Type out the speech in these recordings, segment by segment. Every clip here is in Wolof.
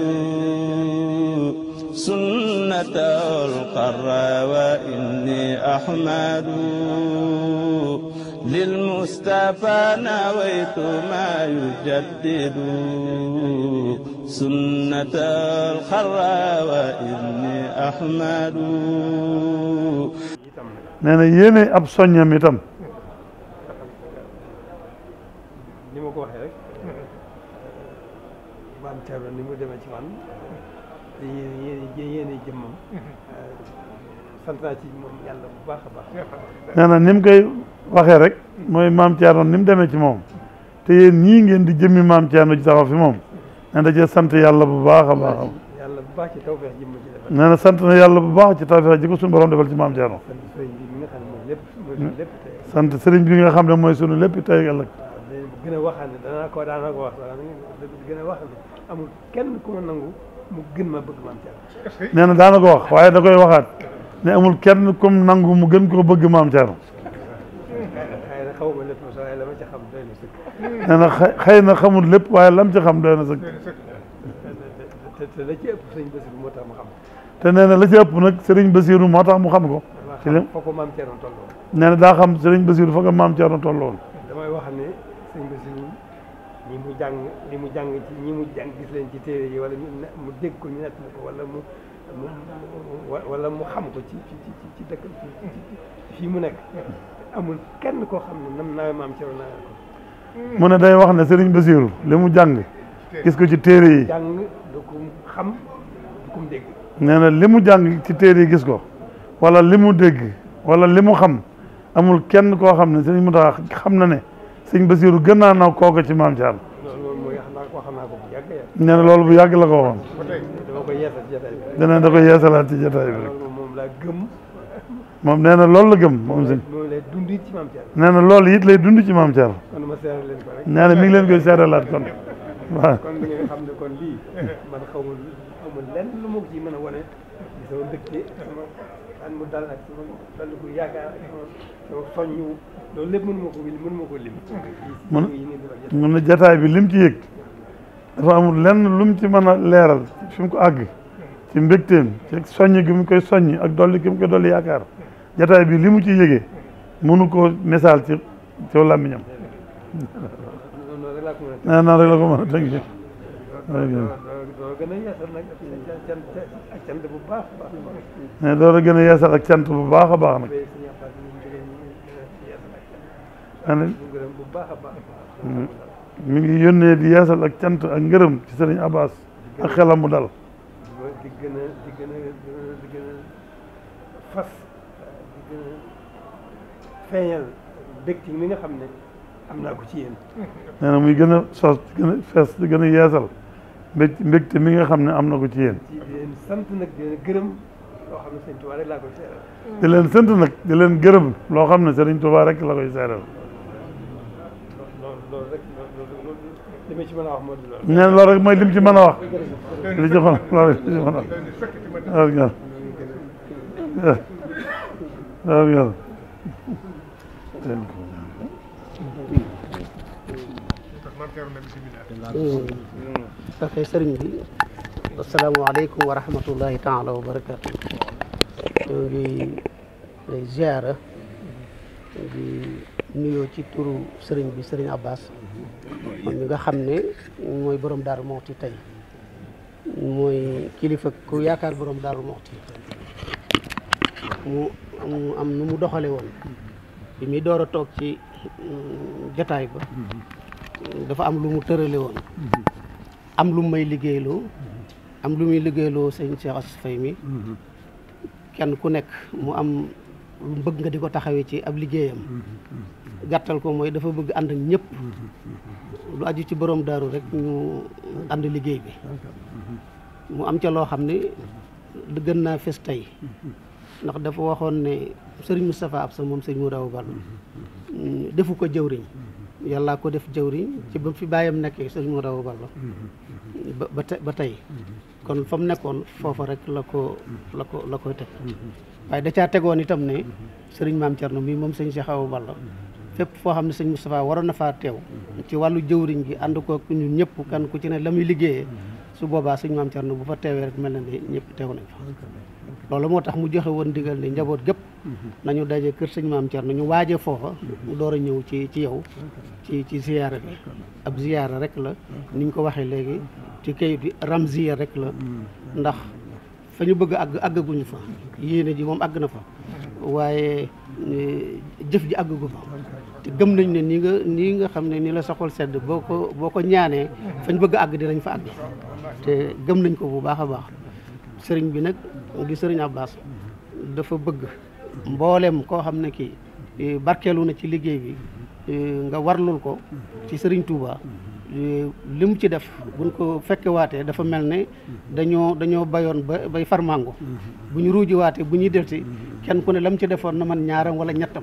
أحمد سنة القرى وإني أحمد للمصطفى نويت ما يجدد سنة القرى وإني أحمد nee na yéene ab soññam itam jëmmam. Euh, sant naa ci moom yàlla bu baax a na ni mu waxee rek mooy maam Thierno ni mu demee ci moom te yéen ñii ngeen di jëmmi maam Thierno ji taxaw fi moom nee na da cee yàlla bu baax a baax. yàlla bu baax ci tawfeex ji mu ci defal. nee bu baax ci tawfeex ji ko suñu borom defal ci maam Thierno. sant sëriñ bi nga xam ne mooy sunu lépp tey ëllëg. gën a waxal a kenn ku nangu. mu ma bëgg maam Thierno nee daana ko wax waaye da koy waxaat ne amul kenn comme nangu mu gën koo bëgg maam Thierno nee na xëy na xamul lépp waaye lam ci xam doy na sëkk te la ci ëpp sëriñ Basiru moo tax mu xam te nee la ci ëpp nag moo tax mu xam ko ci daa xam sëriñ Basiru foo ko maam Thierno tolloon li mu jàng li mu jàng ci ñi mu gis leen ci téere yi wala mu dégg ko ñu wala wala mu xam ko ci ci mu nekk amul kenn koo xam ne nam naawe maam Cerno naawe ko mu ne day wax ne Sëriñ Basiiru li mu jàng gis ko ci téere yi jàng du ko xam du ko dégg nee li mu jàng ci téere yi gis ko wala li mu dégg wala li mu xam amul kenn koo xam ne Sëriñ Muntaxa xam na ne sëñ Basiru gën a naw kooka ci maam Thierno. nee na loolu bu yàgg la ko waxoon. nee na da koy yeesalaat ci jotaay bi moom nee na loolu la gëm moom sëñ. nee na loolu it lay dund ci maam Thierno. nee na mi ngi leen koy seeralaat kon. waaw kon da ngeen xam ne kon lii man xamul amul lenn lu ma a loolu lépp ko mënuma mun mun na jataay bi lim ci yëg dafa amul lenn lu mu ci mën a leeral fi ko àgg ci mbégteem ci soññ gi mu koy soññ ak dolli gi mu koy dolli yaakaar jataay bi limu ci yëgee mënu koo misaal ci ci làmmiñam non non rek la ko mën a tënk doora gën a yeesal ak cant bu baax a baax nag amiin mi ngi yónnee di yeesal ak cant ak ngërëm ci sëriñ Abbas ak xelam mu dal di gën a xam ne am naa ko ci yéen nee na muy gën a sos di gën a fees di gën a mi nga xam ne am na ko ci yéen di leen sant nag di leen gërëm loo xam ne sëriñ Tuubaa loo xam ne sëriñ Tuubaa ma ci mën a wax moo di loolu. nee na loolu rek mooy lim ci mën a wax. li ci mën loolu li ci mën a wax. waaw yàlla waaw yàlla. dafay sëriñ bi asalaamaaleykum wa rahmatullahi taala wa barakaatu ñoo ngi lay ziara di nuyoo ci turu sëriñ bi sëriñ Abbas moom mi nga xam ne mooy borom Daaru Muxti tey mooy kilifa ku yaakaar borom Daaru Muxti mu am nu mu doxale woon bi muy door a toog ci mm, jotaay ba dafa am lu mu tërale woon am lu may liggéeyloo am lu muy liggéeyloo sëñ Cheikh Asfay mi mm-hmm. kenn ku nekk mu am bëgg nga di ko taxawee ci ab liggéeyam gàttal ko mooy dafa bëgg ànd ak ñëpp lu aju ci borom daaru rek ñu ànd liggéey bi mu am ca loo xam ne gën naa fes tey ndax dafa waxoon ne sëriñ Moustapha Absa moom sëriñ mu daw bal defu ko jëwriñ yàllaa ko def jëwriñ ci ba fi bàyyam nekkee sëriñ mu daw bal ba tey kon fa mu nekkoon foofa rek la ko la ko la koy teg waaye da caa tegoon itam ne sëriñ maam Thierno mii moom sëñ Cheikh Awa Balla foo xam ne sëñ Moustapha waroon na faa teew ci wàllu jëwriñ gi ànd ko ñu ñëpp kan ku ci ne la muy liggéeyee su boobaa sëñ maam Thierno bu fa teewee rek mel na ne ñëpp teew nañ loolu moo tax mu joxe woon digal ne njaboot gépp nañu daje kër sëñ maam Thierno ñu waaje foofa mu door a ñëw ci ci yow ci ci ziyaara bi ab ziyaara rek la niñ ko waxee léegi ci kayit bi ramziya rek la ndax fa ñu bëgg àgg àggaguñu fa yéene ji moom àgg na fa waaye e, jëf ji àggagu fa te gëm nañ ne nii nga nii nga xam ne nii la saxol sedd boo ko boo ko ñaanee fañ bëgg àgg dinañ fa àgg te gëm nañ ko bu baax a baax sëriñ bi nag di sëriñ Abbas dafa bëgg mboolem koo xam ne kii e, barkeelu na ci liggéey bi e, nga warlul ko ci sëriñ tuubaa Euh, li mu ci def buñ ko fekkewaatee dafa mel ne dañoo dañoo bayoon ba bay farmango mm-hmm. bu ñu ruujiwaatee bu ñuy delti mm-hmm. kenn ku ne la mu ci defoon na man ñaaram wala ñettam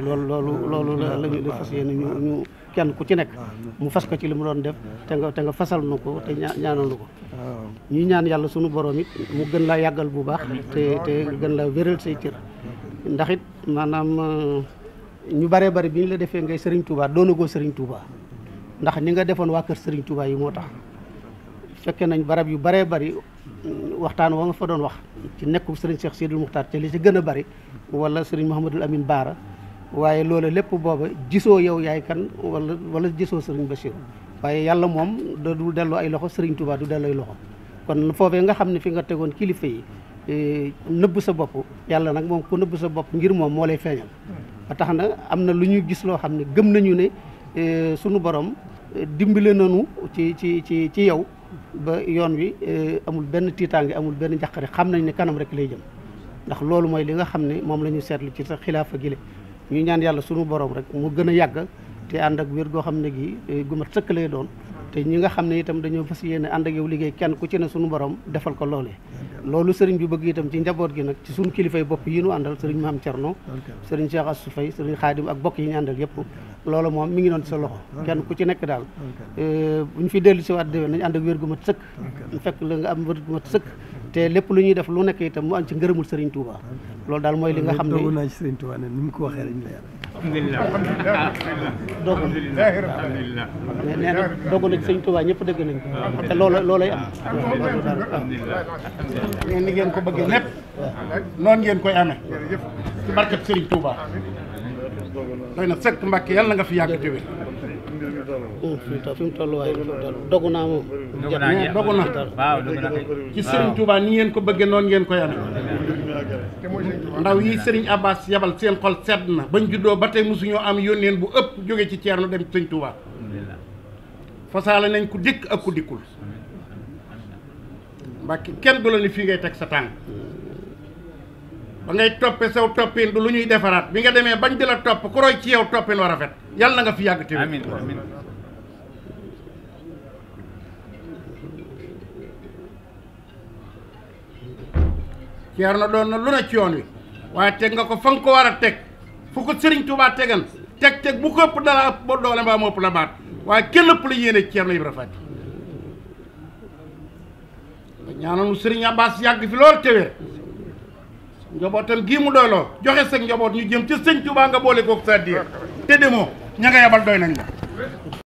loolu loolu loolu la lañu fas yéene ñu ñu kenn ku ci nekk mu fas ko ci li mu doon def te nga te nga fasal nu ko te ñaanal nu ko ñu ñaan yàlla sunu borom it mu gën laa yàggal bu baax te te gën laa wéral say cër ndax it maanaam euh, ñu bare bari bi ñu la defee ngay sëriñ Touba doonagoo sëriñ tuubaa ndax ni nga defoon waa kër Serigne Touba yi moo tax fekke nañ barab yu baree bari mm, waxtaan wa nga fa doon wax ci nekku sëriñ Cheikh Sidil Muxtaar te li si gën a bari wala Serigne Mouhamadul Amin Baara waaye loolu lépp booba gisoo yow yaay kan wala wala gisoo Serigne Bachir waaye yàlla moom da du delloo ay loxo Serigne Touba du delloo loxo kon foofee nga xam ne fi nga tegoon kilifa yi e, nëbb sa bopp yàlla nag moom ku nëbb sa bopp ngir moom moo lay feeñal na am na lu ñu gis loo xam ne gëm nañu ne e, sunu borom dimbale nanu ci ci ci ci yow ba yoon wi e, amul benn tiitaange amul benn njaqare xam nañ ne kanam rek lay jëm ndax loolu mooy li nga xam ne moom la ñu seetlu ci sa xilaafa gile ñuy ñaan yàlla sunu borom rek mu gën a yàgg te ànd ak wér goo xam ne gii e, gu mat sëkk lay doon te ñi nga xam ne itam dañoo fas yéene ànd ak yow liggéey kenn ku ci ne sunu borom defal ko loolee loolu sëriñ bi bëgg itam ci njaboot gi nag ci suñu kilifay bopp yi nu àndal sëriñ Maam Cerno sëriñ Cheikh su Faye sëriñ Xaadim ak bokk yi ñu àndal yëpp loolu moom mi ngi noon sa loxo kenn ku ci nekk daal euh, bu ñu fi dellu si waat déwén nañu ànd ak wér gu mat sëkk fekk la nga am wér gu mat sëkk te lépp lu ñuy def lu nekk itam mu am ci ngërëmul sëriñ Touba loolu daal mooy li nga xam ne naa ci sëriñ Touba ne ni mu ko waxee rek la alhamdulilah alhamdulilah nee na dogu na ci sëñ Tuubaa ñëpp dëgg nañ ko te loola loolay am nee ni ngeen ko bëggee lépp noonu ngeen koy amee ci barkeb sëriñ Tuubaa doy na sëkk Mbàkke yàlla nga fi yàgg jiwee fi mu toll waaye dogu naa moom dogu naa waaw ci sëriñ Tuubaa ni ngeen ko bëggee noonu ngeen koy amee ndaw yi sëriñ Abbas yebal seen xol sedd na bañ juddoo ba tey mosuñoo am yónneen bu ëpp jóge ci ceer ceerno dem sëñ Tuubaa fasaale nañ ku dikk ak ku dikkul mbàkki kenn du la ni fii ngay teg sa tànk ba ngay toppe sew toppin du lu ñuy defaraat bi nga demee bañ di la topp ku roy ci yow toppin war rafet fet yàlla na nga fi yàgg te amiin ceer na doon na lu ne ci yoon wi waaye teg nga ko fa nga ko war a teg fu ko sëriñ Tuubaa tegan teg teg bu ko ëpp dala ëpp ba doole mbaa mu ëpp la baat waaye kenn ëpp la yéene ceer na Ibra Faati nga ñaanal mu sëriñ Abbas yàgg fi lool téwéer njobootam gii mu doyloo joxe sa njoboot ñu jëm ca sëñ Tuubaa nga boole kook sa diir te demoo ña nga yabal doy nañ la